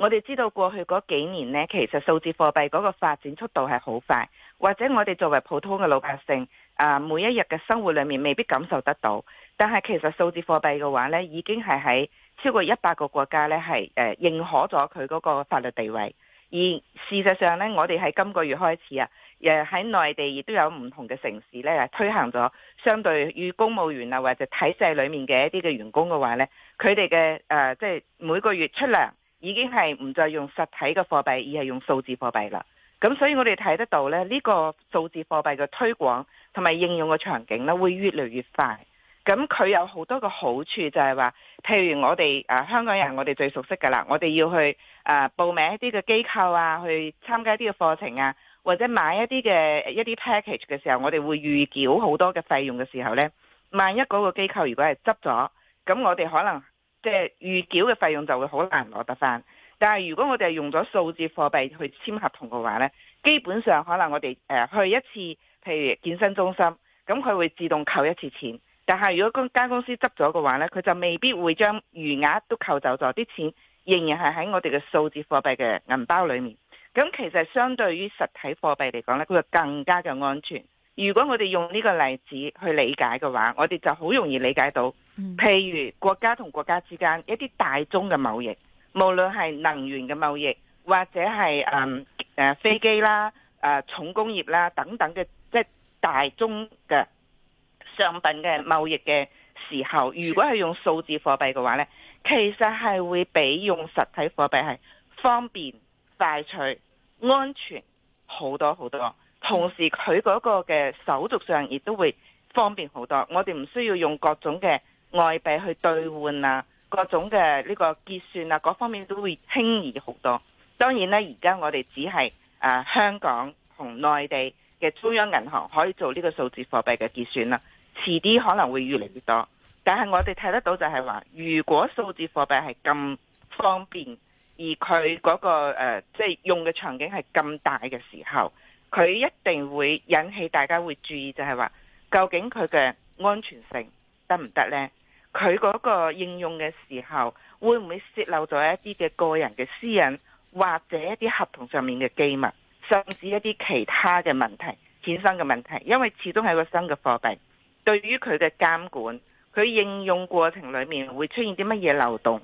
我哋知道過去嗰幾年呢，其實數字貨幣嗰個發展速度係好快，或者我哋作為普通嘅老百姓，啊，每一日嘅生活裏面未必感受得到。但係其實數字貨幣嘅話呢，已經係喺超過一百個國家呢係誒認可咗佢嗰個法律地位。而事實上呢，我哋喺今個月開始啊，誒喺內地亦都有唔同嘅城市呢推行咗，相對與公務員啊或者體制裏面嘅一啲嘅員工嘅話呢，佢哋嘅誒即係每個月出糧。已經係唔再用實體嘅貨幣，而係用數字貨幣啦。咁所以我哋睇得到咧，呢、這個數字貨幣嘅推廣同埋應用嘅場景咧，會越嚟越快。咁佢有好多嘅好處，就係話，譬如我哋誒、啊、香港人，我哋最熟悉噶啦。我哋要去誒、啊、報名一啲嘅機構啊，去參加一啲嘅課程啊，或者買一啲嘅一啲 package 嘅時候，我哋會預繳好多嘅費用嘅時候咧，萬一嗰個機構如果係執咗，咁我哋可能。即係預繳嘅費用就會好難攞得翻，但係如果我哋係用咗數字貨幣去簽合同嘅話呢，基本上可能我哋去一次，譬如健身中心，咁佢會自動扣一次錢。但係如果間公司執咗嘅話呢，佢就未必會將餘額都扣走咗，啲錢仍然係喺我哋嘅數字貨幣嘅銀包裏面。咁其實相對於實體貨幣嚟講呢，佢就更加嘅安全。如果我哋用呢個例子去理解嘅話，我哋就好容易理解到。譬如國家同國家之間一啲大宗嘅貿易，無論係能源嘅貿易或者係誒誒，飛機啦、誒，重工業啦等等嘅，即係大宗嘅商品嘅貿易嘅時候，如果係用數字貨幣嘅話呢，其實係會比用實體貨幣係方便、快脆、安全好多好多，同時佢嗰個嘅手續上亦都會方便好多。我哋唔需要用各種嘅。外幣去兌換啊，各種嘅呢個結算啊，各方面都會輕易好多。當然咧，而家我哋只係誒、啊、香港同內地嘅中央銀行可以做呢個數字貨幣嘅結算啦、啊。遲啲可能會越嚟越多。但係我哋睇得到就係話，如果數字貨幣係咁方便，而佢嗰、那個即係、呃就是、用嘅場景係咁大嘅時候，佢一定會引起大家會注意就，就係話究竟佢嘅安全性得唔得呢？佢嗰個應用嘅時候，會唔會泄漏咗一啲嘅個人嘅私隱或者一啲合同上面嘅機密，甚至一啲其他嘅問題衍生嘅問題，因為始終係一個新嘅貨幣，對於佢嘅監管，佢應用過程裏面會出現啲乜嘢漏洞，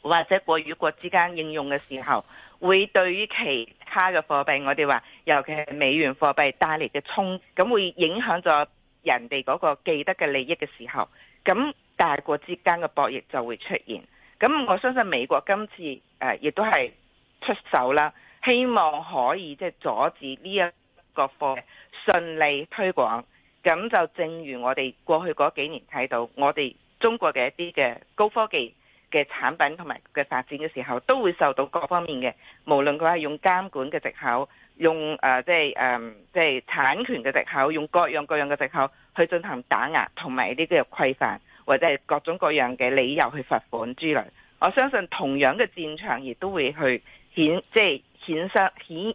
或者國與國之間應用嘅時候，會對於其他嘅貨幣，我哋話尤其係美元貨幣帶嚟嘅衝，咁會影響咗。人哋嗰個既得嘅利益嘅時候，咁大國之間嘅博弈就會出現。咁我相信美國今次誒亦都係出手啦，希望可以即係阻止呢一個貨順利推廣。咁就正如我哋過去嗰幾年睇到，我哋中國嘅一啲嘅高科技。嘅產品同埋嘅發展嘅時候，都會受到各方面嘅，無論佢係用監管嘅藉口，用誒即係誒即係產權嘅藉口，用各樣各樣嘅藉口去進行打壓同埋呢啲嘅規範，或者係各種各樣嘅理由去罰款之類。我相信同樣嘅戰場亦都會去顯即係顯示顯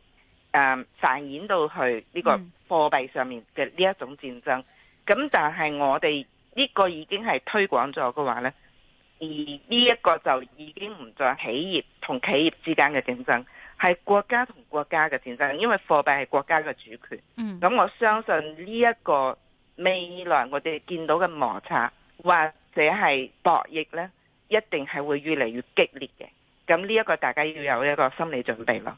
誒散演到去呢個貨幣上面嘅呢一種戰爭。咁、嗯、但係我哋呢個已經係推廣咗嘅話呢。而呢一個就已經唔再係企業同企業之間嘅競爭，係國家同國家嘅競爭，因為貨幣係國家嘅主權。嗯，咁我相信呢一個未來我哋見到嘅摩擦或者係博弈呢，一定係會越嚟越激烈嘅。咁呢一個大家要有一個心理準備咯。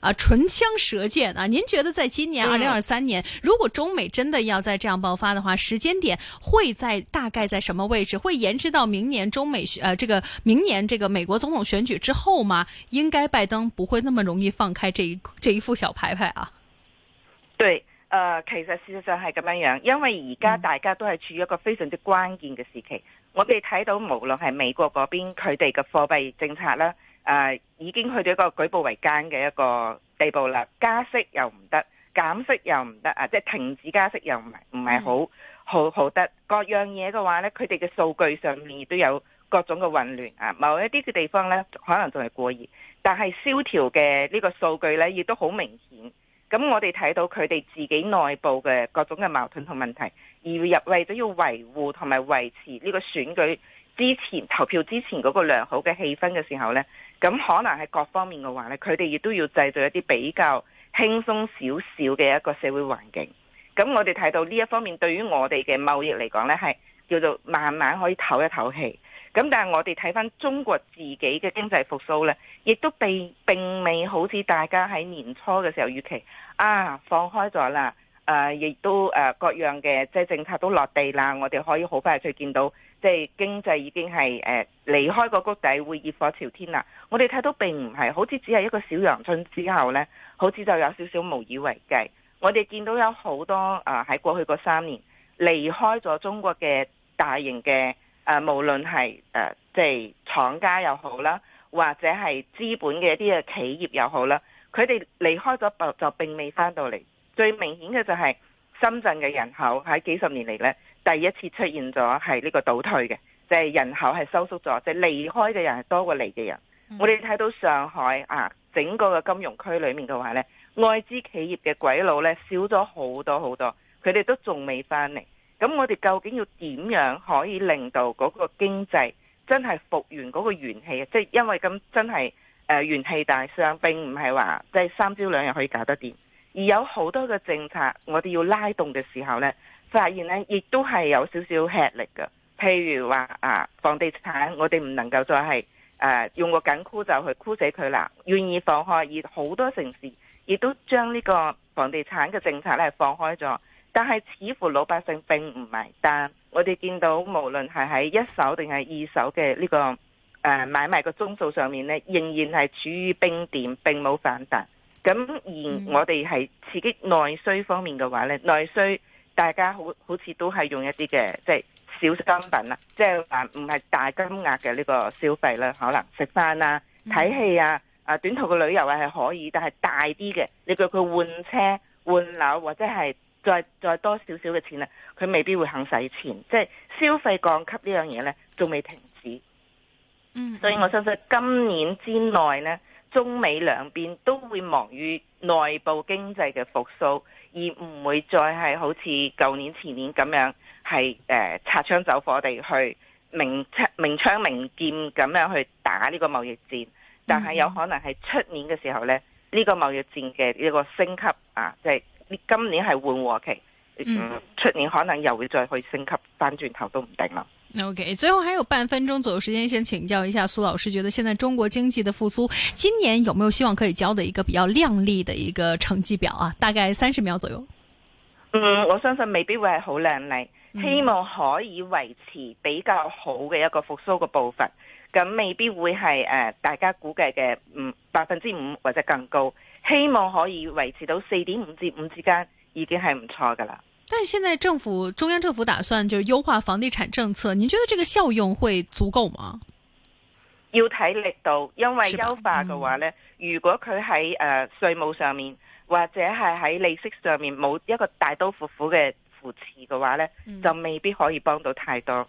啊，唇槍舌劍啊！您覺得在今年二零二三年，嗯、如果中美真的要在這樣爆發的話，時間點會在大概在什麼位置？會延遲到明年中美呃、啊、這個明年這個美國總統選舉之後嗎？應該拜登不會那麼容易放開這一這一副小牌牌啊。對，呃，其實事實上係咁樣樣，因為而家大家都係處於一個非常之關鍵嘅時期，我哋睇到無論係美國嗰邊佢哋嘅貨幣政策啦。誒、啊，已經去到一個舉步維艱嘅一個地步啦。加息又唔得，減息又唔得啊！即係停止加息又唔係唔係好好好得。各樣嘢嘅話咧，佢哋嘅數據上面亦都有各種嘅混亂啊。某一啲嘅地方咧，可能仲係過熱，但係蕭條嘅呢個數據咧，亦都好明顯。咁我哋睇到佢哋自己內部嘅各種嘅矛盾同問題，而入為咗要維護同埋維持呢個選舉之前投票之前嗰個良好嘅氣氛嘅時候咧。咁可能係各方面嘅話咧，佢哋亦都要製造一啲比較輕鬆少少嘅一個社會環境。咁我哋睇到呢一方面，對於我哋嘅貿易嚟講咧，係叫做慢慢可以唞一唞氣。咁但係我哋睇翻中國自己嘅經濟復甦咧，亦都並並未好似大家喺年初嘅時候預期啊放開咗啦。亦、啊、都誒各樣嘅即係政策都落地啦，我哋可以好快去見到。即係經濟已經係誒離開個谷底，會熱火朝天啦。我哋睇到並唔係，好似只係一個小陽春之後呢，好似就有少少無以為繼。我哋見到有好多啊喺過去嗰三年離開咗中國嘅大型嘅誒，無論係誒即係廠家又好啦，或者係資本嘅一啲嘅企業又好啦，佢哋離開咗就就並未翻到嚟。最明顯嘅就係深圳嘅人口喺幾十年嚟呢。第一次出現咗係呢個倒退嘅，就係人口係收縮咗，即係離開嘅人係多過嚟嘅人。嗯、我哋睇到上海啊，整個嘅金融區裏面嘅話呢，外資企業嘅鬼佬呢少咗好多好多，佢哋都仲未翻嚟。咁我哋究竟要點樣可以令到嗰個經濟真係復原嗰個元氣啊？即係因為咁真係誒元氣大傷，並唔係話即係三朝兩日可以搞得掂，而有好多嘅政策我哋要拉動嘅時候呢。發現呢亦都係有少少吃力嘅。譬如話啊，房地產我哋唔能夠再係誒、啊、用個緊箍咒去箍死佢啦。願意放開，而好多城市亦都將呢個房地產嘅政策咧放開咗，但係似乎老百姓並唔買單。但我哋見到無論係喺一手定係二手嘅呢、這個誒、啊、買賣個宗數上面呢，仍然係處於冰點，並冇反彈。咁而我哋係刺激內需方面嘅話呢，內需。大家好好似都係用一啲嘅，即係小商品啦，即係唔係大金額嘅呢個消費啦，可能食飯呀、睇戲啊、啊短途嘅旅遊啊係可以，但係大啲嘅，你叫佢換車、換樓或者係再再多少少嘅錢啊，佢未必會肯使錢，即係消費降級呢樣嘢咧，仲未停止。嗯，所以我相信今年之內咧。中美兩邊都會忙於內部經濟嘅復甦，而唔會再係好似舊年、前年咁樣係誒、呃、擦槍走火地去明槍明槍明劍咁樣去打呢個貿易戰。但係有可能係出年嘅時候呢，呢、呢個貿易戰嘅一個升級啊，即、就、係、係、今年係緩和期，出、嗯、年可能又會再去升級，返轉頭都唔定啦。OK，最後還有半分鐘左右時間，先請教一下蘇老師，覺得現在中國經濟的復甦，今年有沒有希望可以交的一個比較靚麗的一個成績表啊？大概三十秒左右。嗯，我相信未必會係好靚麗，嗯、希望可以維持比較好嘅一個復甦嘅步伐。咁未必會係誒、呃、大家估計嘅百分之五或者更高，希望可以維持到四點五至五之間，已經係唔錯噶啦。但現在政府，中央政府打算就優化房地產政策，你覺得這個效用會足夠嗎？要睇力度，因為優化嘅話、嗯、如果佢喺誒稅務上面或者係喺利息上面冇一個大刀闊斧嘅扶持嘅話呢、嗯、就未必可以幫到太多。